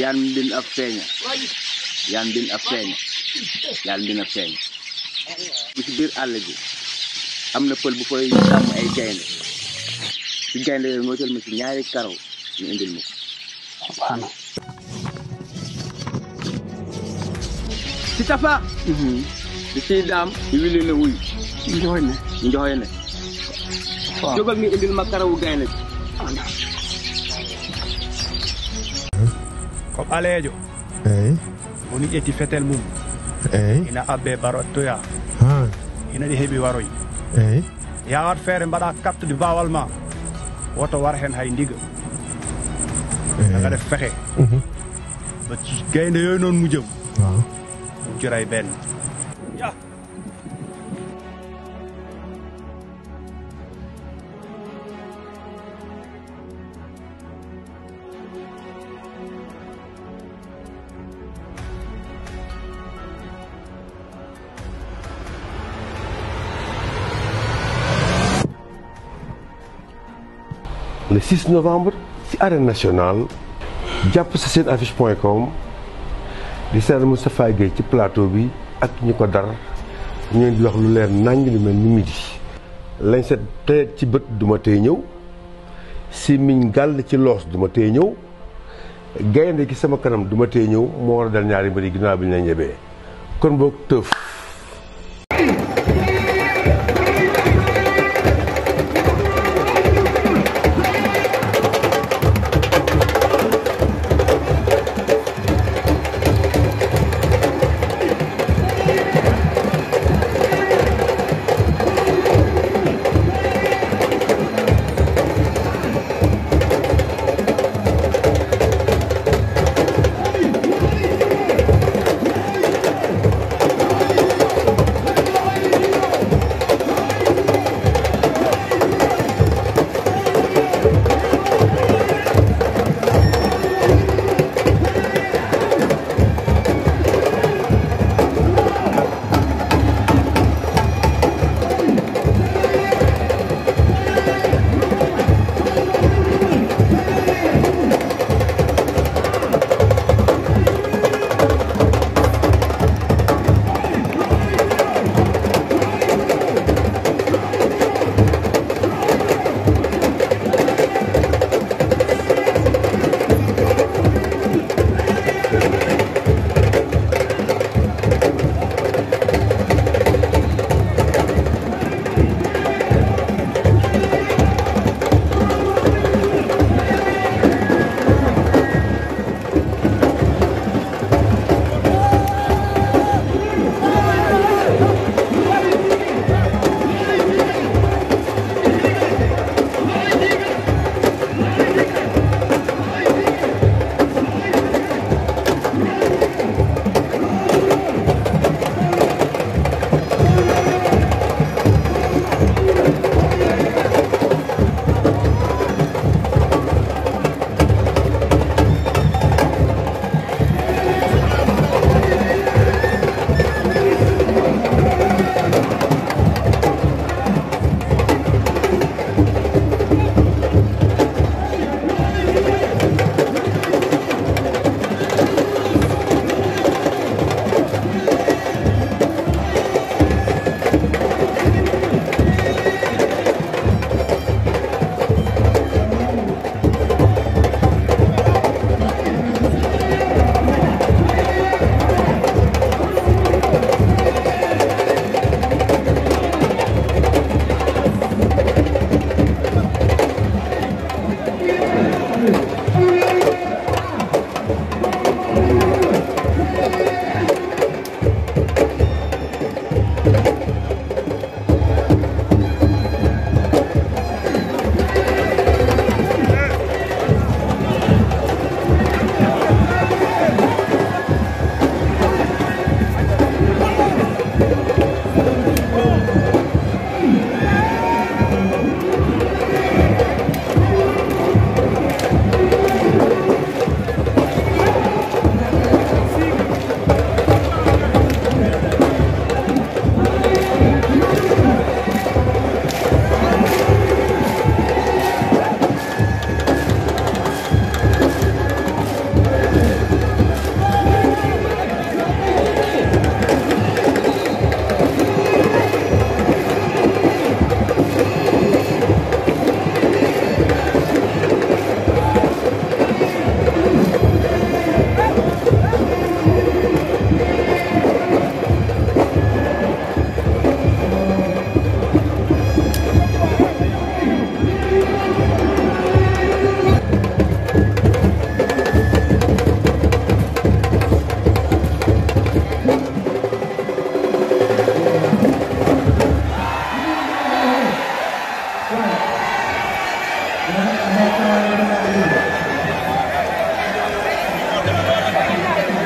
yan din ab feeña yan din ab feeña yan din ab feeña ci biir àll bi am na pël bu koy sàmm ay gaynde ci gaynde yooyu moo jël ma ci ñaari karaw ñu indil ma ko ci tafa mhm. di ciy daam wuy njoxoy ne njoxoy ne indil ma karawu gaynde bi ko ɓaleejo woni ƴetti fetel mum eyi ina abbe barottoya ina ɗi heɓi waroy eyi yawat feere mbaɗa kattude bawal ma woto war hen hay ndiga aga def fexe mhm. ba gaynde yoy noon mujjam mujjora e benn le 6 novembre ci arène nationale jàpp sa seen affiche point com di seetlu Moustapha Gueye ci plateau bi ak ñu ko dar ñu di wax lu leer nañ lu mel ni midi. lañ set te ci bët duma tey ñëw si miñ gàll ci loos duma tey ñëw gaynde gi sama kanam duma tey ñëw moo war a dal ñaari mbir yi bi na la ñebee kon boog tëf.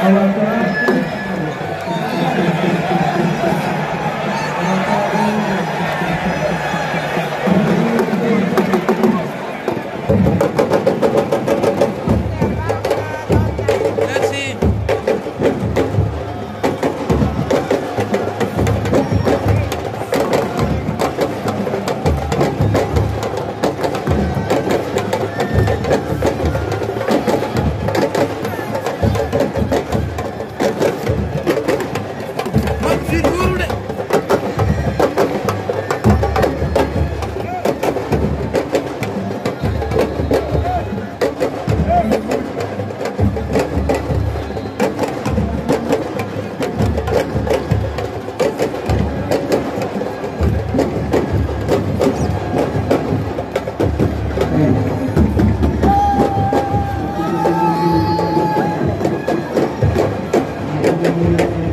Thank you.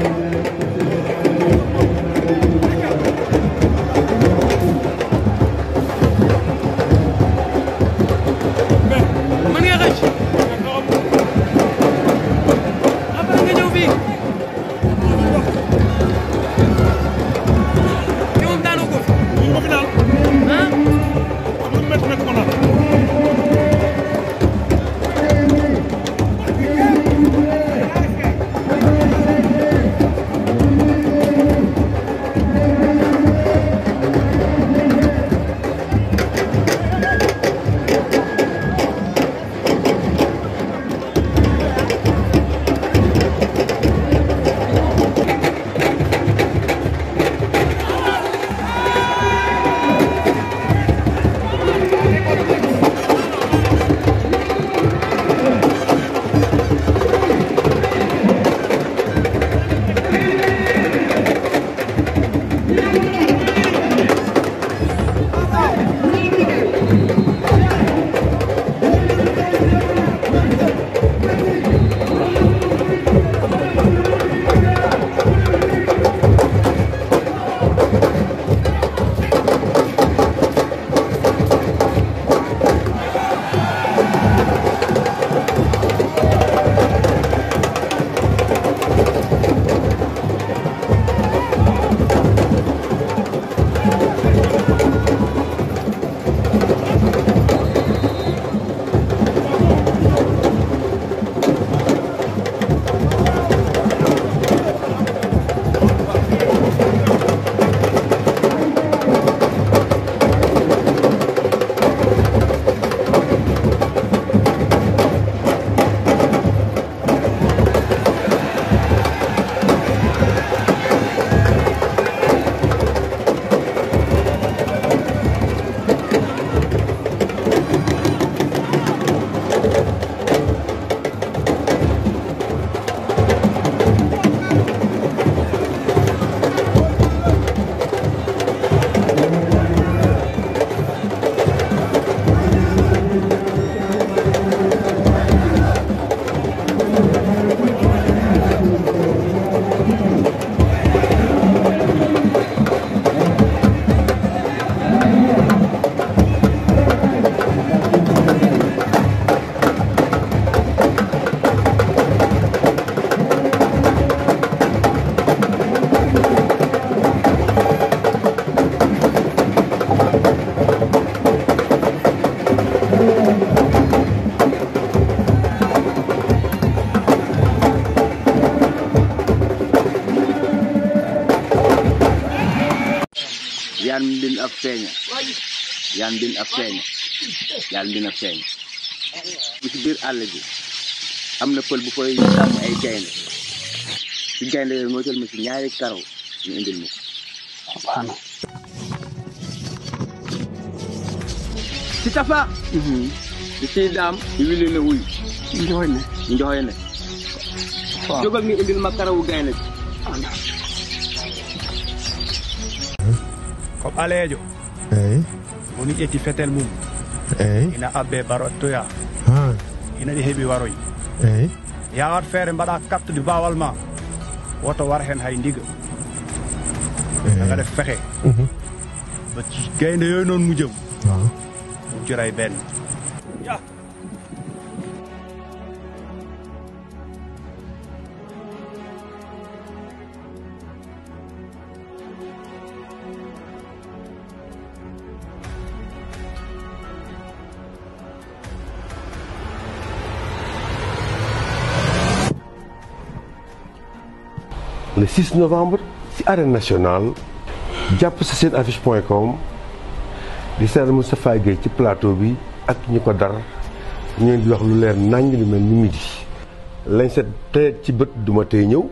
Thank you. yaan mbin ak feeña yaan mbin ak feeña yaan mbin ak biir àll bi am na pël bu koy sàmm ay gaynde si gaynde yooyu moo jël ma si ñaari karaw ñu indil ma si tafa di siy daam wuy njoxoy ne njoxoy ne indil ma karawu gaynde bi ko ɓaleejo woni ƴetti fetel mum eyi ina abbe barottoya ina ɗi heɓi waroy eyi yawat feere mbaɗa kattude bawal ma woto war hen hay ndiga aga def fexe mhm. ba gaynde yoy noon mujjam mujjora e benn la 6 novembre ci arène nationale jàpp sa seen affiche point com di seetal Moustapha ci plateau bi ak ñu ko dar ñu di wax lu leer naññ lu mel ni lañ set te ci bët duma tey ñëw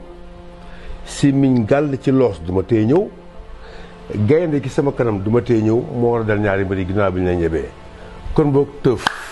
si miñ gàll ci loos duma tey ñëw gaynde gi sama kanam duma tey ñëw moo war a dal ñaari mbir yi ginnaaw bi ñu la kon boog tëf.